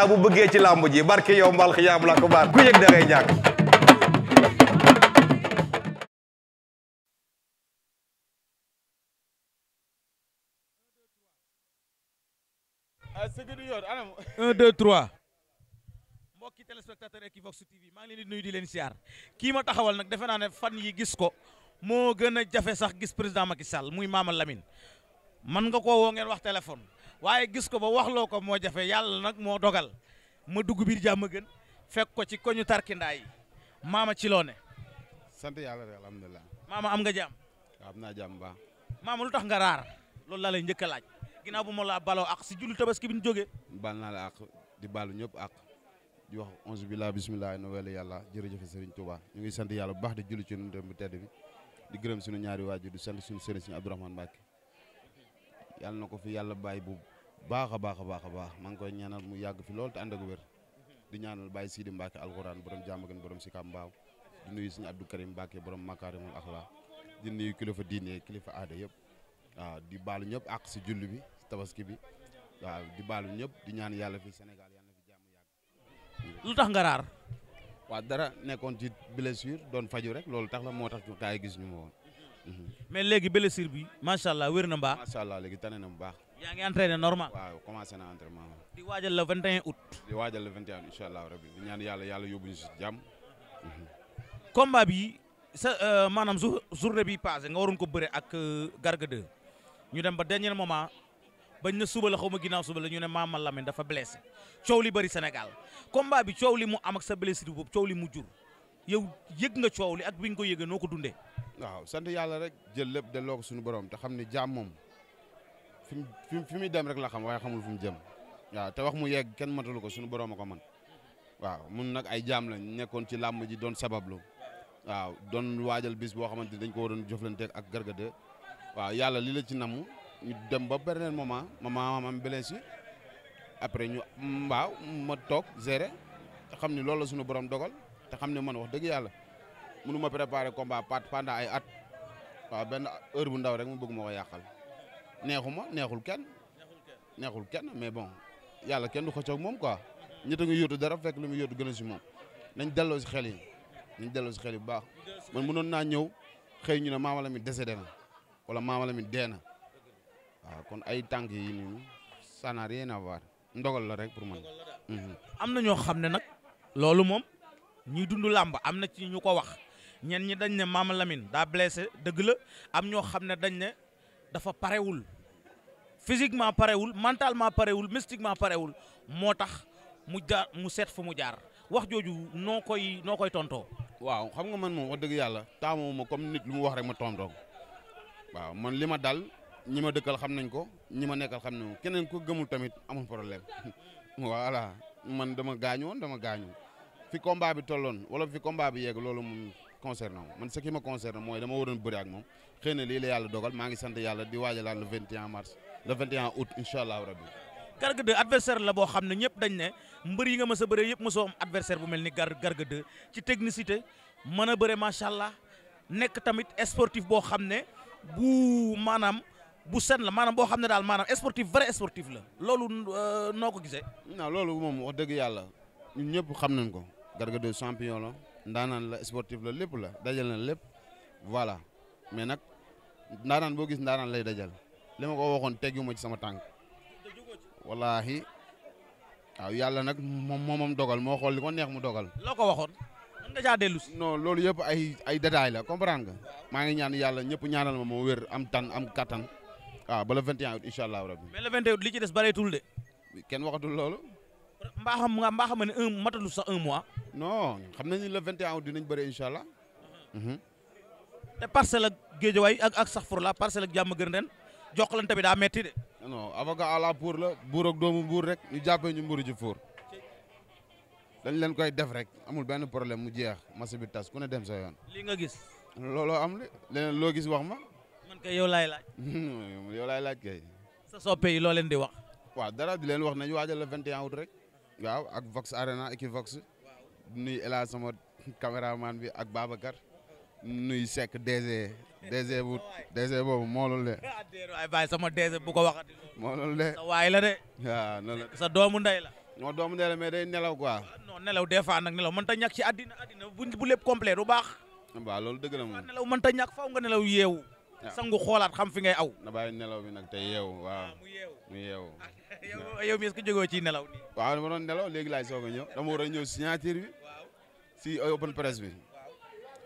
naa bu bëggee ci làmb ji barke yow mbal xiyaam la ko baar ku yëg da ngay ñàkk ah, un deux trois mbokki téléspectateur Equivox TV maa ngi leen di nuyu di leen siyaar kii ma taxawal nag defe naa ne fan yi gis ko moo gën a jafe sax gis président Macky Sall muy Mama Lamine man nga koo woo ngeen wax téléphone waaye gis ko ba waxloo ko moo jafe yàlla nag moo dogal ma dugg biir jàmm gën fekk ko ci koñu tarkindaa yi a ci loo ne. sant yàlla rek maam a am nga jàmm. am naa jàmm baax. maama lu tax nga raar loolu laa lay njëkk a laaj ginnaaw bu ma la baloo ak si jullu tabaski bi ñu jógee. baal naa la ak di baalu ñëpp ak di wax onze billah bismillah nowel yàlla jërëjëf Serigne Touba ñu ngi sant yàlla bu baax di julli ci ñun bu tedd bi di gërëm suñu ñaari waajur di sant suñu sëriñ suñu Abdourahmane yàlla na ko fi yàlla bàyyi bu baax a baax a baax a baax maa ngi koy ñaanal mu yàgg fi loolu te ànd ak wér di ñaanal Baye Sidi Mbacke alxuraan borom jàmmagan borom Sika Mbaaw di nuyu suñu Abdou Karim Mbacke borom makaarimul axlaa di nuyu kilifa diine kilifa aada yëpp waaw di baalu ñëpp àq si julli bi tabaski bi waaw di baalu ñëpp di ñaan yàlla fi Sénégal yàlla fi jàmm yàgg. lu tax nga raar. waaw dara nekkoon ci blessure doon faju rek loolu tax la moo tax gaa yi gis ñu ma woon. léegi blessure bi macha allah na mbaa. macha léegi tane na mu baax. yaa ngi entraîné normal. commencé na entraînement di waajal le 21 août. di waajal le 21 incha ñaan yàlla yàlla yóbbuñu si jàmm. Mhm. combat bi sa euh, maanaam journée bi passé nga waroon ko bëre ak euh, Garga ñu dem ba dernier moment bañ na suba la xaw ma ginnaaw suba la ñu ne maam Mama lamin dafa blessé coow li bëri Sénégal combat bi coow li mu am ak sa blessure boobu coow li mu jur yow yëg nga coow li ak bi nga ko yëgee noo ko dundee. waaw sant yàlla rek jël lépp delloo ko suñu borom te xam ne jaam moom. fi fi muy dem rek la xam waaye xamul fu mu jëm waaw te wax mu yegg kenn matalu ko suñu borom ko man waaw mun nag ay jaam lañ nekkoon ci làmb ji doon sabablu waaw doon waajal bis boo xamante dañ ko waroon jëflanteeg ak Garga waaw yàlla li la ci namu ñu dem ba beneen moment ma ma am blessure après ñu waaw ma toog gérer te xam ni loolu la suñu borom dogal te xam ne man wax dëgg yàlla mënu ma préparer combat pat pendant ay at waaw benn heure bu ndaw rek mu bëgg ma ko neexu ma neexul kenn. neexul kenn mais bon yàlla kenn du xëccoog moom quoi ñett nga yóotu dara fekk lu mu yóotu gën si moom nañ delloo si xel yi nañ delloo si xel bu baax man mënoon naa ñëw xëy ñu ne Mama Lamine décédé na wala Mama Lamine dee na waaw kon ay tànk yi nii ça n'a rien à voir la rek pour man. Mhm. am na ñoo xam ne nag loolu moom ñuy dund làmb am na ci ñu ko wax ñen ñi dañ ne Mama Lamine daa blessé dëgg la am ñoo xam ne dañ ne. dafa parewul physiquement parewul mentalement parewul mystiquement parewul moo tax mu jaar mu seet fu mu jaar wax jooju noo koy noo koy tontoo. waaw xam nga man moom wax dëgg yàlla taamu ma comme nit lu mu wax rek ma tontoo waaw man li ma dal ñi ma dëkkal xam nañ ko ñi ma nekkal xam nañ ko keneen ko gëmul tamit amul problème voilà man dama gaañu woon dama gaañu fi combat bi tolloon wala fi combat bi yegg loolu moom concernant man ce qui me concerne mooy dama waroon bëri ak moom xëy lii la yàlla dogal maa ngi sant yàlla di waajalaan le 21 mars le 21 août incha allahu rabbi la boo xam ne ñëpp dañ ne mbër yi nga mës a bëree yëpp mësoo am adversaire bu mel ni gar ci technicité mën a bëre allah nekk tamit sportif boo xam ne bu maanaam bu sen la maanaam boo xam ne daal maanaam sportif vrai sportif la loolu euh, noo ko gisee. non loolu moom wax dëgg yàlla ñun ñëpp xam ko ndaanaan la sportif la lépp la dajal na lépp voilà mais nag ndaanaan boo gis ndaanaan lay dajal li ma ko waxoon tegguma ci sama tànk wallaahi waaw yàlla nag moom moom dogal moo xool li ko neex mu dogal. loo ko waxoon. man dellu si. non loolu yëpp ay ay détails la comprendre nga. maa ngi ñaan yàlla ñëpp ñaanal ma moo wér am tan am kattan waaw ba le 21 août incha rabbi mais le 21 août li ci des bareetul de. kenn waxatul loolu. mbaa xam nga mbaa xam ne un matalu sax un mois. non xam nañ ni le 21 août dinañ bëre incha allah. Mhm. te parcelle géej géejawaay ak ak sax fur la parcelle ak jàmm gën ren jokkalante bi daa metti de. non avocat à la pour la buur ak doomu buur rek ñu jàppee ñu mburu ji fóor dañ leen koy def rek amul benn problème mu jeex marché bi tas ku ne dem sa yoon. lii nga gis. looloo am de leneen loo gis wax ma. man kay yow laay laaj. yow laay laaj kay. sa soppe yi loo leen di wax. waaw dara di leen wax nañ waajal le 21 waaw ak Vox Arena Equivox nuy El Hadj sama caméraman bi ak Babacar nuy Seck DG DG bu DG boobu moo loolu de. waaye sama DG bu ko waxati. moo loolu de sa waay la de. waaw la sa doomu ndey la. non doomu ndey la mais day nelaw quoi. Ah, noon nelaw des fois nag nelaw mën ta ñàkk si àddina àddina bu lépp complet du baax. waaw loolu dëgg la moom nelaw mën ta ñàkk faw nga nelaw yeewu. Ah. sangu xoolaat xam fi ngay aw. na bàyyi nelaw bi nag te yeewu waaw ah, mu yeewu. yow mi est-ce ci nelaw nii. waaw dama doon nelaw léegi laay soog a ñëw dama war a ñëw signature bi. waaw si euh, open press bi. waaw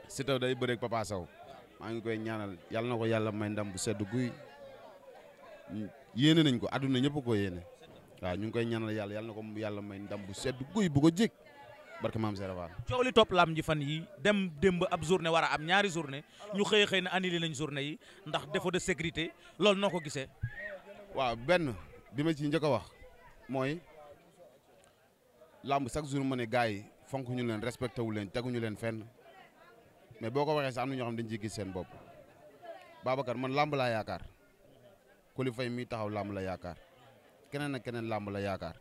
Siteu day bëreeg Papa Sow. maa ngi koy ñaanal yàlla na ko yàlla may ndam bu sedd guy. yéene nañ ko àdduna ñëpp ko yéene. waaw ñu ngi koy ñaanal yàlla yàlla na ko yàlla may ndam bu sedd guy bu ko jég. barke maam Serigne Fall. coow li topp lam ji fan yi dem demb ab journée war a am ñaari journée ñu xëy xëy na annulé nañ journée yi ndax défaut de sécurité loolu noo ko gisee. waaw benn. bi ma ci njëkk a wax mooy làmb chaque jour ma ne gars yi fonk ñu leen respecté wu leen teguñu leen fenn mais boo ko waxee sa am na ñoo xam dañ ciy gis seen bopp Babacar man làmb laa yaakaar Coly Faye mii taxaw làmb la yaakaar keneen na keneen làmb la yaakaar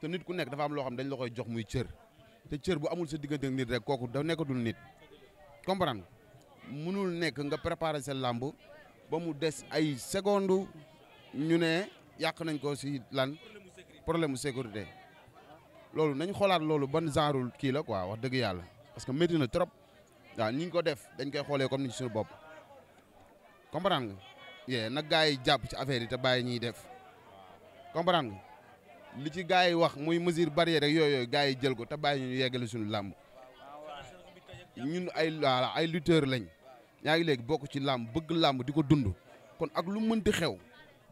te nit ku nekk dafa am loo xam dañ la koy jox muy cër te cër bu amul sa diggante ak nit rek kooku da nekkatul nit comprendre mënul nekk nga préparer sa làmb ba mu des ay secondes ñu ne. yàq nañ ko si lan problème mu sécurité loolu nañ xoolaat loolu ban genre kii la quoi wax dëgg yàlla parce que métti na trop waa ñi ñu ko def dañ koy xoolee comme ni ci suñu bopp comprendre nga yee nag gars yi jàpp ci affaire yi te bàyyi ñuy def comprendre nga li ci gars yi wax muy mesure barrière rek yooyu yooyu gars yi jël ko ta bàyyi ñu yeggale suñu làmb ñun ay ay lutteur lañ yaa ngi léegi bokk ci làmb bëgg làmb di ko dund kon ak lu mënti xew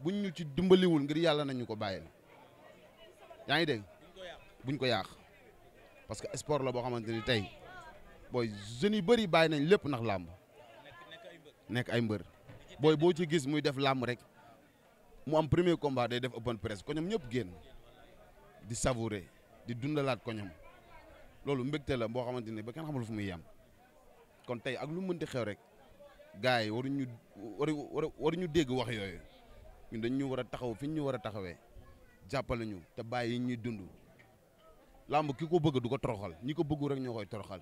buñ ñu ci dimbaliwul ngir yàlla nañu ko bàyyil yaa ngi dégg buñ ko yàq parce que sport la boo xamante ni tey booy jeunes yu bëri bàyyi nañ lépp ndax làmb nekk ay mbër booy boo ci gis muy def làmb rek mu am premier combat day def open press ko ñoom ñëpp génn di savourer di dundalaat ko ñoom loolu mbégte la boo xamante ni ba kenn xamul fu muy yem kon tey ak lu mënti xew rek gars yi waruñu waru ñu dégg wax yooyu ñun dañ ñu war a taxaw fi ñu war a taxawee jàppale ñu te bàyyi ñuy dund làmb ki ko bëgg du ko toroxal ñi ko bëggu rek ñoo koy toroxal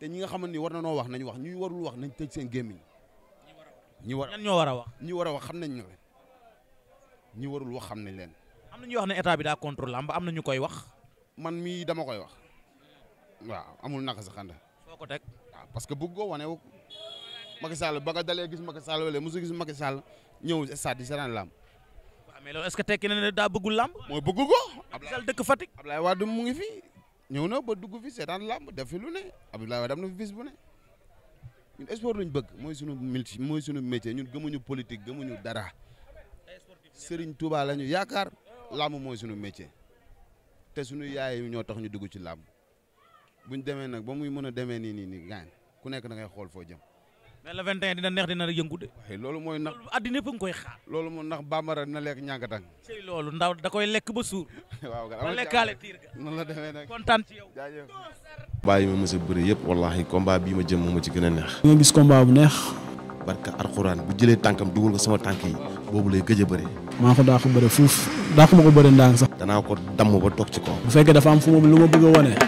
te ñi nga xamante ni war na noo wax nañ wax ñi warul wax nañ tëj seen gémmiñ ñi war ñan ñoo war a wax ñi war a wax xam nañ ne ñu warul wax xam nañ leen. am na ñuy wax ne état bi daa contrôle làmb am na ñu koy wax. man mii dama koy wax waaw amul naka sa xanda foo ko teg waaw parce que bëgg ko wane wu Macky Sall ba nga dalee gis Macky ñëw stade di seetaan làmb. waaw mais loolu que tekki na ne daa bëggul làmb. moo bëggu ko. Abdoulaye dëkk Fatick. Abdoulaye Wade mu ngi fi ñëw na ba dugg fi seetaan làmb def fi lu ne Abdoulaye Wade am na fi bis bu ne ñun sport lañ bëgg mooy sunu multi mooy sunu métier ñun gëmuñu politique gëmuñu dara Serigne Touba ñu yaakaar làmb mooy sunu métier te sunu yaay ñoo tax ñu dugg ci làmb buñ demee nag ba muy mën a demee nii nii nii gaañ ku nekk da ngay xool foo jëm. mais le 21 dina neex dina yëngu de. waaye loolu mooy ndax addina yëpp a ngi koy xaar. loolu moom ndax bambara na lekk ñàngatang. ci koy lekk ba suur. waaw nga lekkaale tiir ga. la demee nag kontaan ci yow. jaajëf. combat yi ma mës a bëri yëpp wallaahi combat bii ma jëm moo ma ci gën a neex. di nga gis combat bu neex. barka alxuraan bu jëlee tànkam dugal ko sama tànk yi boobu lay gëj a bëri. maa ko daa ko bëri fuuf daa ko ma ko sax. danaa ko damm ba toog ci kaw. bu fekkee dafa am fu mu lu ma bëgg a